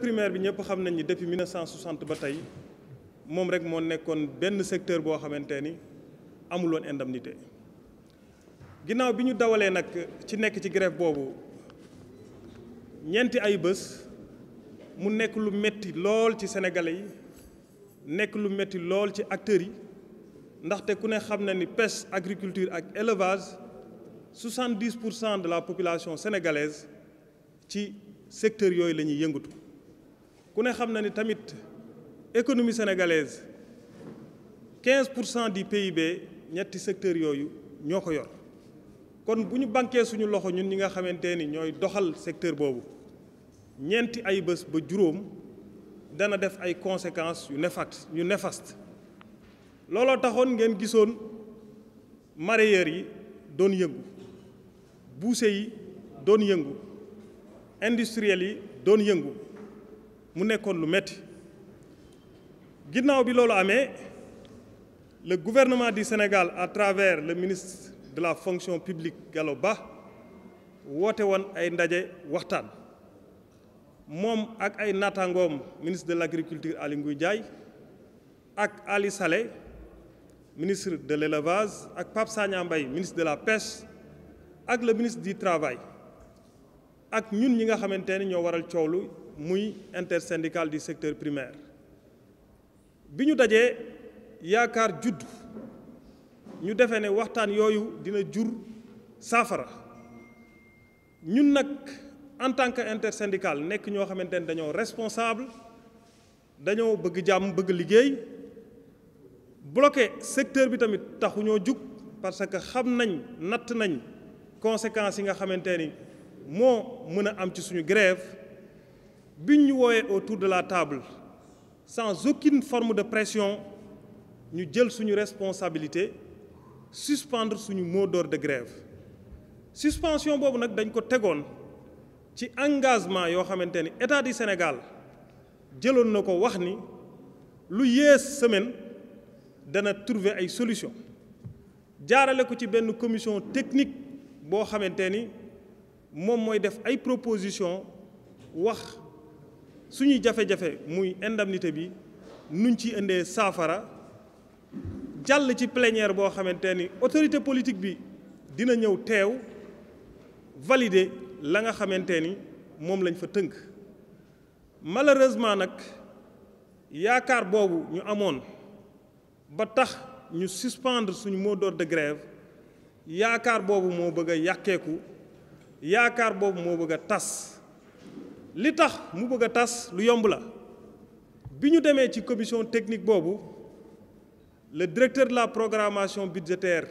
secteur bi ñëpp xam nañ ni depuis 1960 ba tey moom rek moo nekkoon benn secteur boo xamante ni amuloon indemnité ginnaaw bi ñu dawalee nag ci nekk ci grève boobu ñeenti ay bés mu nekk lu metti lool ci sénégalais yi nekk lu metti lool ci acteurs yi ndaxte ku ne xam na ni pêche agriculture ak élevage 70 pour cent de la population sénégalaise ci secteur yooyu la ñuy yëngatu ku ne xam na ni tamit économie sénégalaise 15 pour cent du PIB ñetti secteur yooyu ñoo ko yor kon bu ñu banquee suñu loxo ñun ñi nga xamante ni ñooy doxal secteur boobu ñeenti ay bés ba juróom dana def ay conséquences yu néfaste yu néfaste looloo taxoon ngeen gisoon mareyeurs yi doon yëngu buuse yi doon yëngu industriels yi doon yëngu mu nekkoon lu metti ginnaaw bi loolu amee le gouvernement du Sénégal à travers le ministre de la fonction publique Gallo Ba woote woon ay ndaje waxtaan moom ak ay naataangoom ministre de l' agriculture Aly Ngouille Ndiaye ak Ali Saleh ministre de l' élevage ak Pape Sagna ministre de la pêche ak le ministre du travail ak ñun ñi nga xamante ne ñoo waral coow lu muy intersyndicale di secteur primaire bi ñu dajee yaakaar judd ñu defee ne waxtaan yooyu dina jur saafara ñun nag en tant que intersyndicale nekk ñoo xamante ne dañoo responsable dañoo bëgg jàmm bëgg liggéey bloqué secteur bi tamit taxuñoo jug parce que xam nañ natt nañ conséquences yi nga xamante ni moo mën a am ci suñu grève biñ ñu wooyee autour de la table sans aucune forme de pression ñu jël suñu responsabilité suspendre suñu mot d'ordre de grève suspension boobu nag dañ ko tegoon ci engagement yoo xamante ni état du Sénégal jëloon na ko wax ni lu yées semaine dana trouver ay solution jaarale ko ci benn commission technique boo xamante ni moom mooy def ay proposition wax suñuy jafe-jafe muy indemnité bi nuñ ci indee saafara jàll ci plénière boo xamante ni autorité politique bi dina ñëw teew validé la nga xamante ni moom lañ fa tënk malheureusement nag yaakaar boobu ñu amoon ba tax ñu suspendre suñu mot d'ordre de grève yaakaar boobu moo bëgg a yàqeeku yaakaar boobu moo bëgg a tas li tax mu bëgg a tas lu yomb la bi ñu demee ci commission technique boobu le directeur de la programmation budgétaire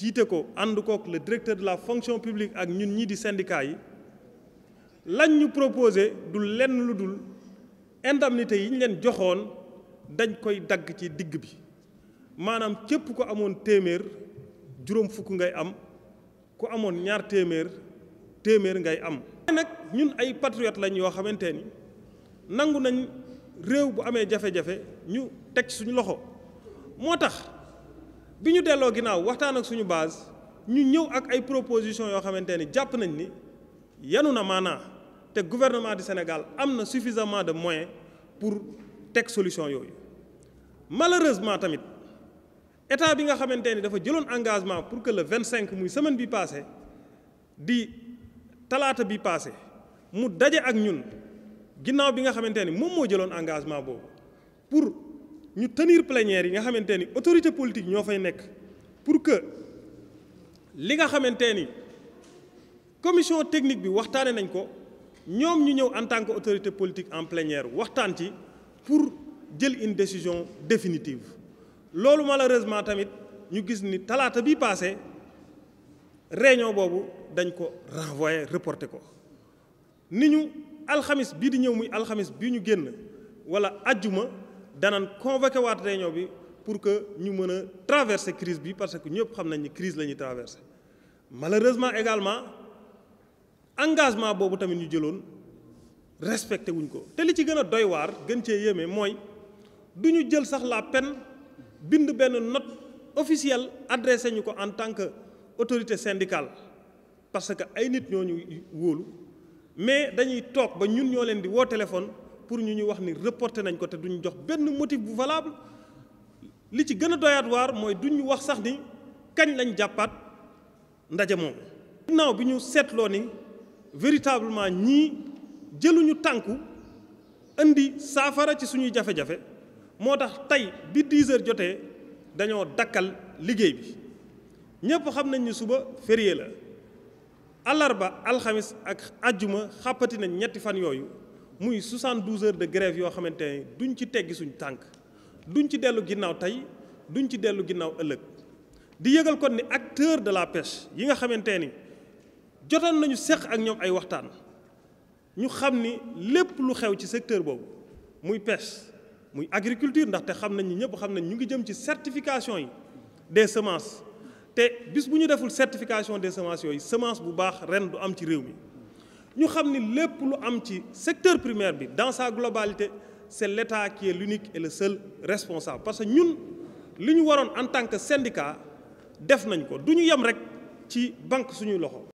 jiite ko ànd kook le directeur de la fonction publique ak ñun ñii di syndicat yi lañ ñu proposé du lenn lu dul indemnité yi ñu leen joxoon dañ koy dagg ci digg bi maanaam képp ko amoon téeméer juróom fukk ngay am ku amoon ñaar téeméer téeméer ngay am nag ñun ay patriote lañ yoo xamante ni nangu nañ réew bu amee jafe-jafe ñu teg suñu loxo moo tax bi ñu delloo ginnaaw waxtaan ak suñu base ñu ñëw ak ay proposition yoo xamante ni jàpp nañ ni yanu na maanaa te gouvernement du Sénégal am na suffisamment de moyens pour teg solution yooyu malheureusement tamit état bi nga xamante ni dafa jëloon engagement pour que le 25 muy semaine bi passé di talaata bi passé mu daje ak ñun ginnaaw bi nga xamante ni moom moo jëloon engagement boobu pour ñu tenir plénière yi nga xamante ni autorité politique ñoo fay nekk pour que li nga xamante ni commission technique bi waxtaane nañ ko ñoom ñu ñëw en tant que autorité politique en plénière waxtaan ci pour jël une décision définitive loolu malheureusement tamit ñu gis ni talaata bi passé réunion boobu dañ ko renvoyé reporté ko ni ñu alxamis bii di ñëw muy alxamis bii ñu génn wala ajjuma danan convoqué waat réunion bi pour que ñu mën a traversé crise bi parce que ñëpp xam nañ ni crise la ñuy traversé malheureusement également engagement boobu tamit ñu jëloon respecté wuñ ko te li ci gën a doy waar gën cee yéeme mooy du ñu jël sax la peine bind benn note officielle adressé ñu ko en tant que autorité syndicale parce que ay nit ñoo ñu wóolu mais dañuy toog ba ñun ñoo leen di woo téléphone pour ñu ñu wax ni reporté nañ ko te duñu jox benn motif bu valable li ci gën a doyaat waar mooy duñu wax sax ni kañ lañ jàppaat ndaje moom ginnaaw bi ñu seetloo ni véritablement ñii jëluñu tànku indi saafara ci suñuy jafe-jafe moo tax tey bi 10 heures jotee dañoo dakkal liggéey bi ñëpp xam nañ ni suba férié la àllarba alxamis ak àjjuma xàppati nañ ñetti fan yooyu muy 72 heures de grève yoo xamante ne duñ ci teggi suñu tànk duñ ci dellu ginnaaw tey duñ ci dellu ginnaaw ëllëg di yëgal kon ni acteur de la pêche yi nga xamante ni jotoon nañu seq ak ñoom ay waxtaan ñu xam ni lépp lu xew ci secteur boobu muy pêche muy agriculture ndaxte xam nañu ñi ñëpp xam nañ ñu ngi jëm ci certification yi des semences te bis bu ñu deful certification des semences yooyu semence bu baax ren du am ci réew mi ñu xam ni lépp lu am ci secteur primaire bi dans sa globalité c'est l'État qui est l'unique et le seul responsable parce que ñun li ñu waroon en tant que syndicat def nañ ko du ñu yem rek ci banque suñuy loxo